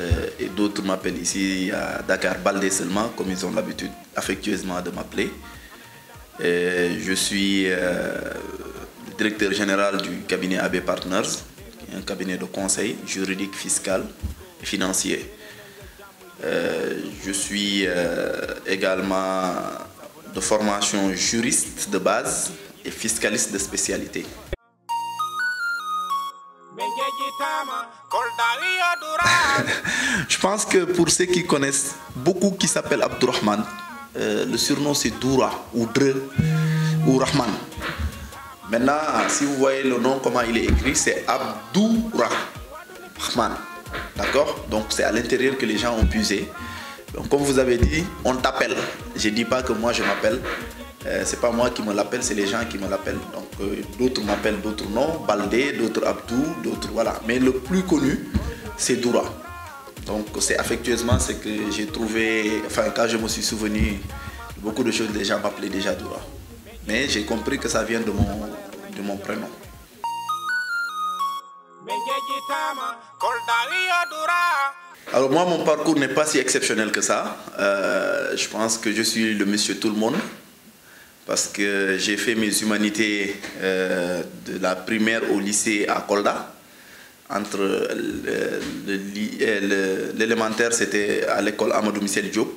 Euh, et d'autres m'appellent ici à Dakar Baldé seulement, comme ils ont l'habitude affectueusement de m'appeler. Euh, je suis euh, directeur général du cabinet AB Partners, un cabinet de conseil juridique, fiscal et financier. Je suis également de formation juriste de base et fiscaliste de spécialité. Je pense que pour ceux qui connaissent, beaucoup qui s'appellent Abdurrahman, euh, le surnom c'est Dura ou Dre ou Rahman. Maintenant, si vous voyez le nom, comment il est écrit, c'est Abdurrahman. D'accord Donc c'est à l'intérieur que les gens ont puisé. Donc comme vous avez dit, on t'appelle. Je ne dis pas que moi je m'appelle. Ce euh, c'est pas moi qui me l'appelle, c'est les gens qui me l'appellent. Donc euh, d'autres m'appellent d'autres noms, Baldé, d'autres Abdou, d'autres voilà. Mais le plus connu, c'est Doura. Donc c'est affectueusement ce que j'ai trouvé, enfin quand je me suis souvenu beaucoup de choses, déjà gens m'appelaient déjà Doura. Mais j'ai compris que ça vient de mon, de mon prénom. Alors moi, mon parcours n'est pas si exceptionnel que ça. Euh, je pense que je suis le monsieur tout le monde parce que j'ai fait mes humanités euh, de la primaire au lycée à Kolda. Entre euh, l'élémentaire, c'était à l'école Amadou Michel Diop,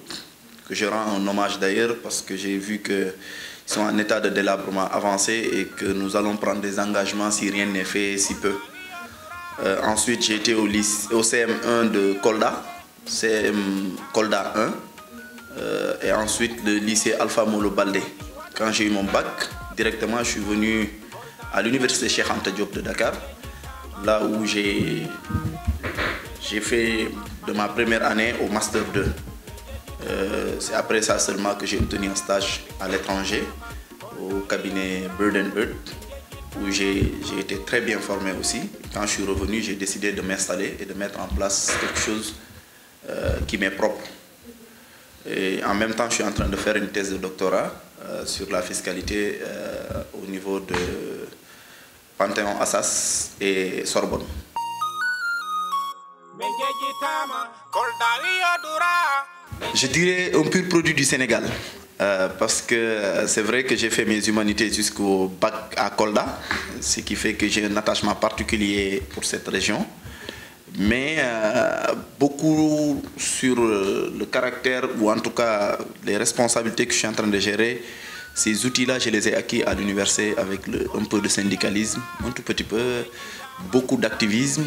que je rends un hommage d'ailleurs parce que j'ai vu qu'ils sont en état de délabrement avancé et que nous allons prendre des engagements si rien n'est fait, si peu. Euh, ensuite, j'ai été au, CM1 de Kolda, CM Kolda 1, et ensuite le lycée Alpha Molo Baldé quand j'ai eu mon bac, directement, je suis venu à l'université Cheikh Anta Diop de Dakar, là où j'ai fait de ma première année au Master 2. Euh, c'est après ça seulement que j'ai obtenu un stage à l'étranger, au cabinet Bird Earth, où j'ai été très bien formé aussi. Quand je suis revenu, j'ai décidé de m'installer et de mettre en place quelque chose euh, qui m'est propre. Et en même temps, je suis en train de faire une thèse de doctorat euh, sur la fiscalité euh, au niveau de Panthéon Assas et Sorbonne. Je dirais un pur produit du Sénégal. Euh, parce que c'est vrai que j'ai fait mes humanités jusqu'au bac à Kolda, ce qui fait que j'ai un attachement particulier pour cette région mais euh, beaucoup sur euh, le caractère ou en tout cas les responsabilités que je suis en train de gérer. Ces outils-là, je les ai acquis à l'université avec un peu de syndicalisme, un tout petit peu, beaucoup d'activisme,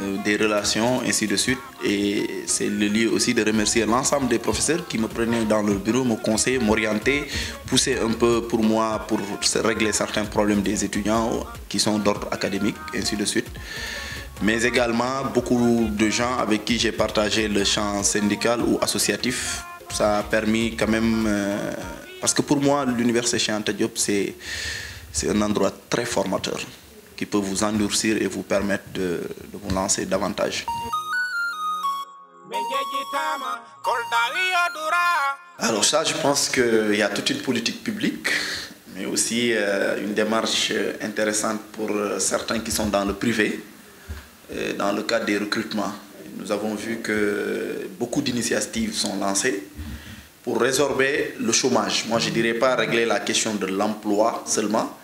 euh, des relations, ainsi de suite. Et c'est le lieu aussi de remercier l'ensemble des professeurs qui me prenaient dans leur bureau, me conseillaient, m'orientaient, poussaient un peu pour moi pour régler certains problèmes des étudiants qui sont d'ordre académique, ainsi de suite mais également beaucoup de gens avec qui j'ai partagé le champ syndical ou associatif. Ça a permis quand même, euh, parce que pour moi, l'université Cheikh Diop, c'est un endroit très formateur qui peut vous endurcir et vous permettre de, vous lancer davantage. Alors ça, je pense qu'il y a toute une politique publique, mais aussi euh, une démarche intéressante pour euh, certains qui sont dans le privé, euh, dans le cadre des recrutements, nous avons vu que beaucoup d'initiatives sont lancées pour résorber le chômage. Moi, je ne dirais pas régler la question de l'emploi seulement,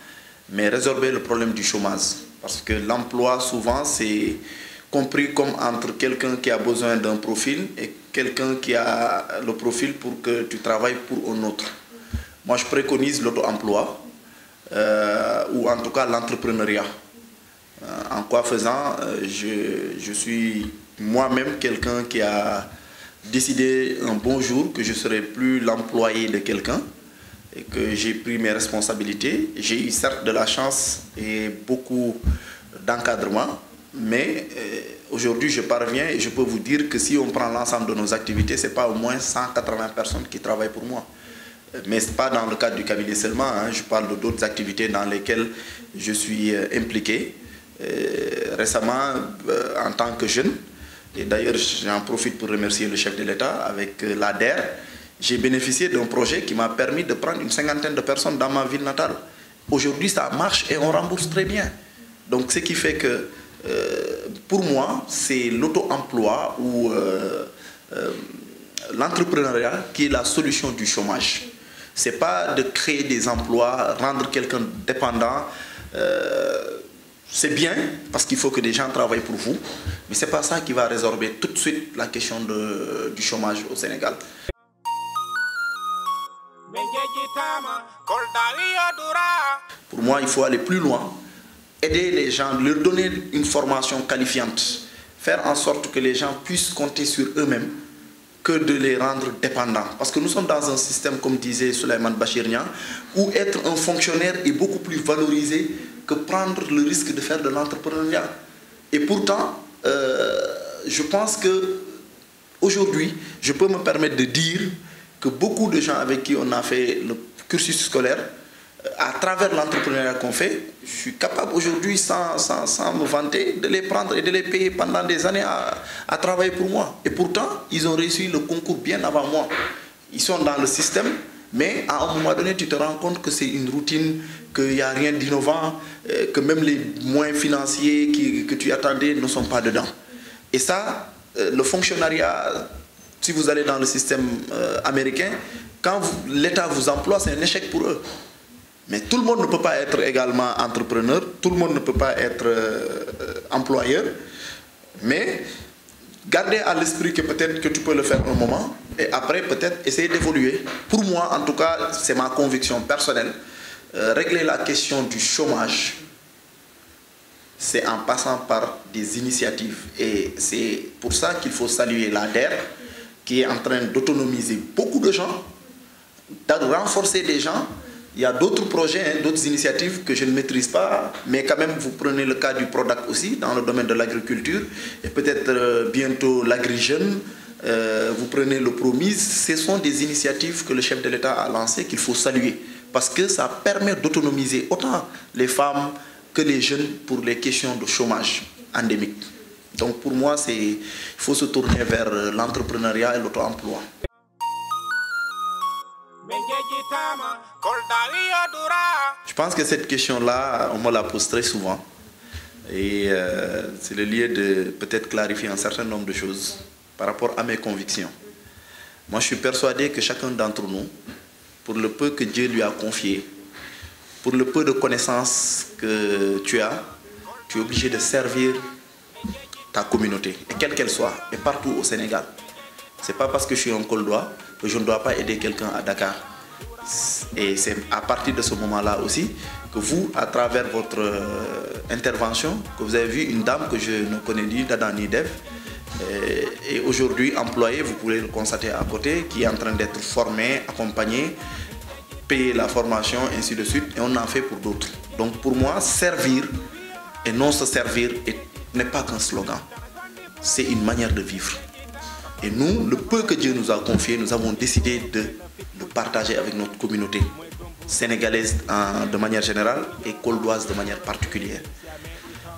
mais résorber le problème du chômage. Parce que l'emploi, souvent, c'est compris comme entre quelqu'un qui a besoin d'un profil et quelqu'un qui a le profil pour que tu travailles pour un autre. Moi, je préconise l'auto-emploi, euh, ou en tout cas l'entrepreneuriat. Euh, en quoi faisant, euh, je, suis moi-même quelqu'un qui a décidé un bon jour que je ne serai plus l'employé de quelqu'un et que j'ai pris mes responsabilités. J'ai eu certes de la chance et beaucoup d'encadrement, mais euh, aujourd'hui je parviens et je peux vous dire que si on prend l'ensemble de nos activités, ce n'est pas au moins 180 personnes qui travaillent pour moi. Mais ce n'est pas dans le cadre du cabinet seulement, hein. je parle d'autres activités dans lesquelles je suis impliqué récemment euh, en tant que jeune. Et d'ailleurs, j'en profite pour remercier le chef de l'État avec euh, l'ADER. J'ai bénéficié d'un projet qui m'a permis de prendre une cinquantaine de personnes dans ma ville natale. Aujourd'hui, ça marche et on rembourse très bien. Donc, ce qui fait que, euh, pour moi, c'est l'auto-emploi ou l'entrepreneuriat qui est la solution du chômage. Ce n'est pas de créer des emplois, rendre quelqu'un dépendant, c'est bien, parce qu'il faut que des gens travaillent pour vous, mais ce n'est pas ça qui va résorber tout de suite la question du chômage au Sénégal. Pour moi, il faut aller plus loin, aider les gens, leur donner une formation qualifiante, faire en sorte que les gens puissent compter sur eux-mêmes que de les rendre dépendants. Parce que nous sommes dans un système, comme disait Suleiman Bachirnian, où être un fonctionnaire est beaucoup plus valorisé que prendre le risque de faire de l'entrepreneuriat. Et pourtant, euh, je pense que aujourd'hui, je peux me permettre de dire que beaucoup de gens avec qui on a fait le cursus scolaire, euh, à travers l'entrepreneuriat qu'on fait, je suis capable aujourd'hui, sans, sans, me vanter, de les prendre et de les payer pendant des années à, à, travailler pour moi. Et pourtant, ils ont réussi le concours bien avant moi. Ils sont dans le système, mais à un moment donné, tu te rends compte que c'est une routine, qu'il n'y a rien d'innovant, euh, que même les moyens financiers que tu attendais ne sont pas dedans. Et ça, euh, le fonctionnariat, si vous allez dans le système euh, américain, quand l'État vous emploie, c'est un échec pour eux. Mais tout le monde ne peut pas être également entrepreneur, tout le monde ne peut pas être employeur. Mais garder à l'esprit que peut-être que tu peux le faire un moment et après peut-être essayer d'évoluer. Pour moi, en tout cas, c'est ma conviction personnelle. Euh, régler la question du chômage, c'est en passant par des initiatives. Et c'est pour ça qu'il faut saluer l'ADER qui est en train d'autonomiser beaucoup de gens, de renforcer des gens il y a d'autres projets, hein, d'autres initiatives que je ne maîtrise pas, mais quand même, vous prenez le cas du PRODAC aussi, dans le domaine de l'agriculture, et peut-être euh, bientôt lagri euh, vous prenez le promise. Ce sont des initiatives que le chef de l'État a lancées qu'il faut saluer, parce que ça permet d'autonomiser autant les femmes que les jeunes pour les questions de chômage endémique. Donc pour moi, il faut se tourner vers euh, l'entrepreneuriat et l'auto-emploi. Je pense que cette question-là, on me la pose très souvent. Et euh, c'est le lieu de peut-être clarifier un certain nombre de choses par rapport à mes convictions. Moi, je suis persuadé que chacun d'entre nous, pour le peu que Dieu lui a confié, pour le peu de connaissances que tu as, tu es obligé de servir ta communauté, quelle qu'elle soit, et partout au Sénégal. Ce n'est pas parce que je suis en coldois que je ne dois pas aider quelqu'un à Dakar. Et c'est à partir de ce moment-là aussi que vous, à travers votre euh, intervention, que vous avez vu une dame que je ne connais ni d'Adam ni d'Eve, euh, et aujourd'hui employée, vous pouvez le constater à côté, qui est en train d'être formée, accompagnée, payer la formation, ainsi de suite, et on en fait pour d'autres. Donc pour moi, servir et non se servir n'est pas qu'un slogan, c'est une manière de vivre. Et nous, le peu que Dieu nous a confié, nous avons décidé de partager avec notre communauté sénégalaise euh, de manière générale et coldoise de manière particulière.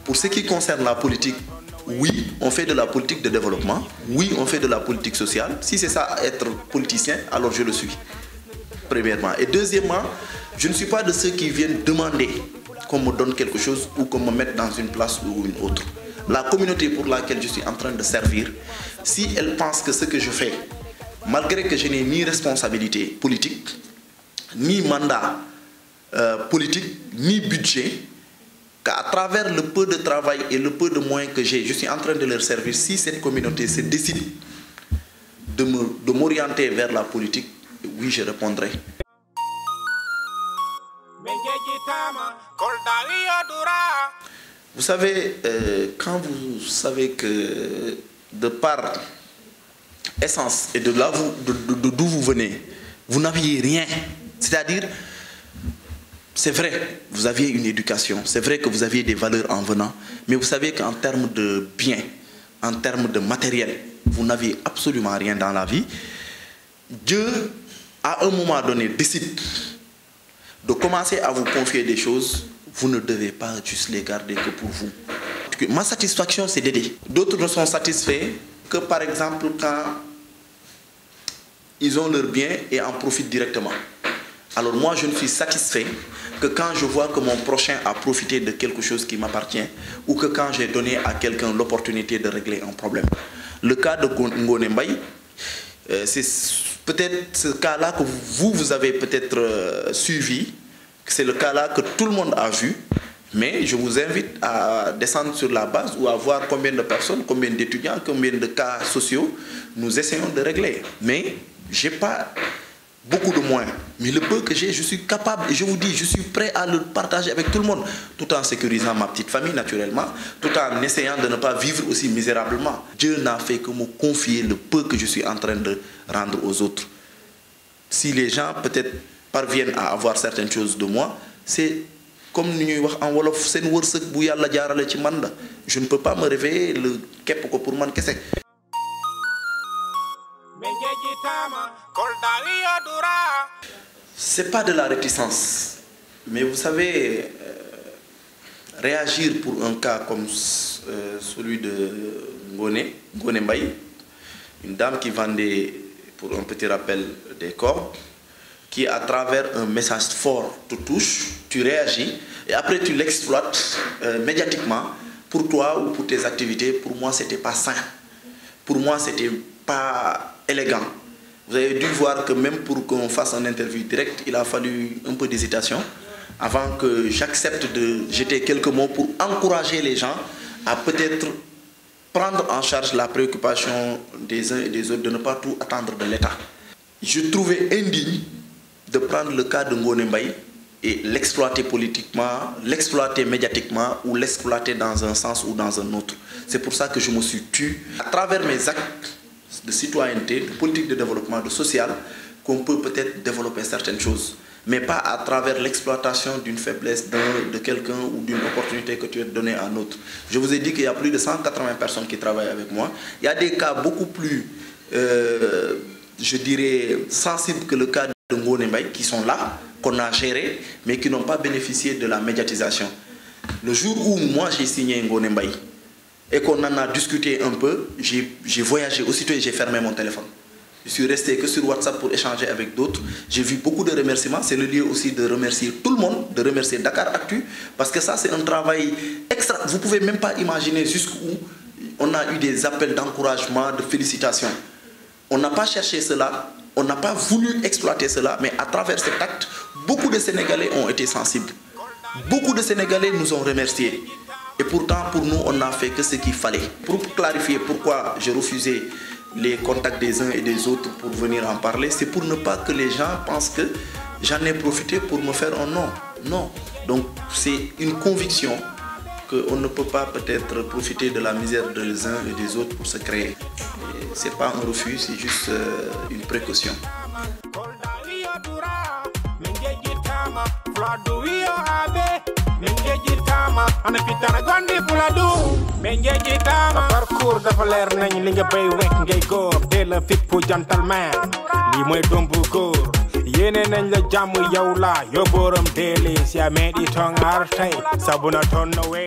Pour ce qui concerne la politique, oui, on fait de la politique de développement, oui, on fait de la politique sociale. Si c'est ça être politicien, alors je le suis, premièrement. Et deuxièmement, je ne suis pas de ceux qui viennent demander qu'on me donne quelque chose ou qu'on me mette dans une place ou une autre. La communauté pour laquelle je suis en train de servir, si elle pense que ce que je fais malgré que je n'ai ni responsabilité politique, ni mandat euh, politique, ni budget, qu'à travers le peu de travail et le peu de moyens que j'ai, je suis en train de leur servir. Si cette communauté se décide de m'orienter vers la politique, oui, je répondrai. Vous savez, euh, quand vous savez que de part essence et de là d'où de, vous venez, vous n'aviez rien. C'est-à-dire, c'est vrai, vous aviez une éducation, c'est vrai que vous aviez des valeurs en venant, mais vous savez qu'en termes de biens, en termes de matériel, vous n'aviez absolument rien dans la vie. Dieu, à un moment donné, décide de commencer à vous confier des choses. Vous ne devez pas juste les garder que pour vous. Ma satisfaction, c'est d'aider. D'autres ne sont satisfaits que, par exemple, quand ils ont leur bien et en profitent directement. Alors moi, je ne suis satisfait que quand je vois que mon prochain a profité de quelque chose qui m'appartient ou que quand j'ai donné à quelqu'un l'opportunité de régler un problème. Le cas de Ngone euh, c'est peut-être ce cas-là que vous, vous avez peut-être euh, suivi, c'est le cas-là que tout le monde a vu, mais je vous invite à descendre sur la base ou à voir combien de personnes, combien d'étudiants, combien de cas sociaux nous essayons de régler. Mais je n'ai pas beaucoup de moins, mais le peu que j'ai, je suis capable, je vous dis, je suis prêt à le partager avec tout le monde, tout en sécurisant ma petite famille naturellement, tout en essayant de ne pas vivre aussi misérablement. Dieu n'a fait que me confier le peu que je suis en train de rendre aux autres. Si les gens peut-être parviennent à avoir certaines choses de moi, c'est comme nous disons en Wolof, c'est Je ne peux pas me réveiller, le pour moi, qu'est-ce que C'est pas de la réticence. Mais vous savez, euh, réagir pour un cas comme euh, celui de Ngoné, Mbaye, une dame qui vendait, pour un petit rappel, des corps, qui à travers un message fort te touche, tu réagis, et après tu l'exploites euh, médiatiquement pour toi ou pour tes activités. Pour moi, c'était pas sain. Pour moi, c'était pas élégant. Vous avez dû voir que même pour qu'on fasse un interview direct, il a fallu un peu d'hésitation avant que j'accepte de jeter quelques mots pour encourager les gens à peut-être prendre en charge la préoccupation des uns et des autres, de ne pas tout attendre de l'État. Je trouvais indigne de prendre le cas de Ngo Mbaye et l'exploiter politiquement, l'exploiter médiatiquement ou l'exploiter dans un sens ou dans un autre. C'est pour ça que je me suis tué. À travers mes actes, de citoyenneté, de politique de développement, de social, qu'on peut peut-être développer certaines choses, mais pas à travers l'exploitation d'une faiblesse de, quelqu'un ou d'une opportunité que tu as donnée à un autre. Je vous ai dit qu'il y a plus de 180 personnes qui travaillent avec moi. Il y a des cas beaucoup plus, euh, je dirais, sensibles que le cas de Ngone qui sont là, qu'on a gérés, mais qui n'ont pas bénéficié de la médiatisation. Le jour où moi j'ai signé Ngone et qu'on en a discuté un peu, j'ai voyagé aussitôt et j'ai fermé mon téléphone. Je suis resté que sur WhatsApp pour échanger avec d'autres. J'ai vu beaucoup de remerciements. C'est le lieu aussi de remercier tout le monde, de remercier Dakar Actu, parce que ça, c'est un travail extra. Vous ne pouvez même pas imaginer jusqu'où on a eu des appels d'encouragement, de félicitations. On n'a pas cherché cela, on n'a pas voulu exploiter cela, mais à travers cet acte, beaucoup de Sénégalais ont été sensibles. Beaucoup de Sénégalais nous ont remerciés. Et pourtant, pour nous, on n'a fait que ce qu'il fallait. Pour clarifier pourquoi j'ai refusé les contacts des uns et des autres pour venir en parler, c'est pour ne pas que les gens pensent que j'en ai profité pour me faire un nom. Non. Donc, c'est une conviction qu'on ne peut pas peut-être profiter de la misère des uns et des autres pour se créer. Ce n'est pas un refus, c'est juste euh, une précaution. ngejjit kaama ana fitana gondi pula du ɓe ngejjit kaama parcours dafa leer nañ li nga bay wek ngay góor dee la fippu gentleman li mooy dombu góor yene nañ la jàmm yow la yo borom deeli si a meeɗi ton artay sabuna ton no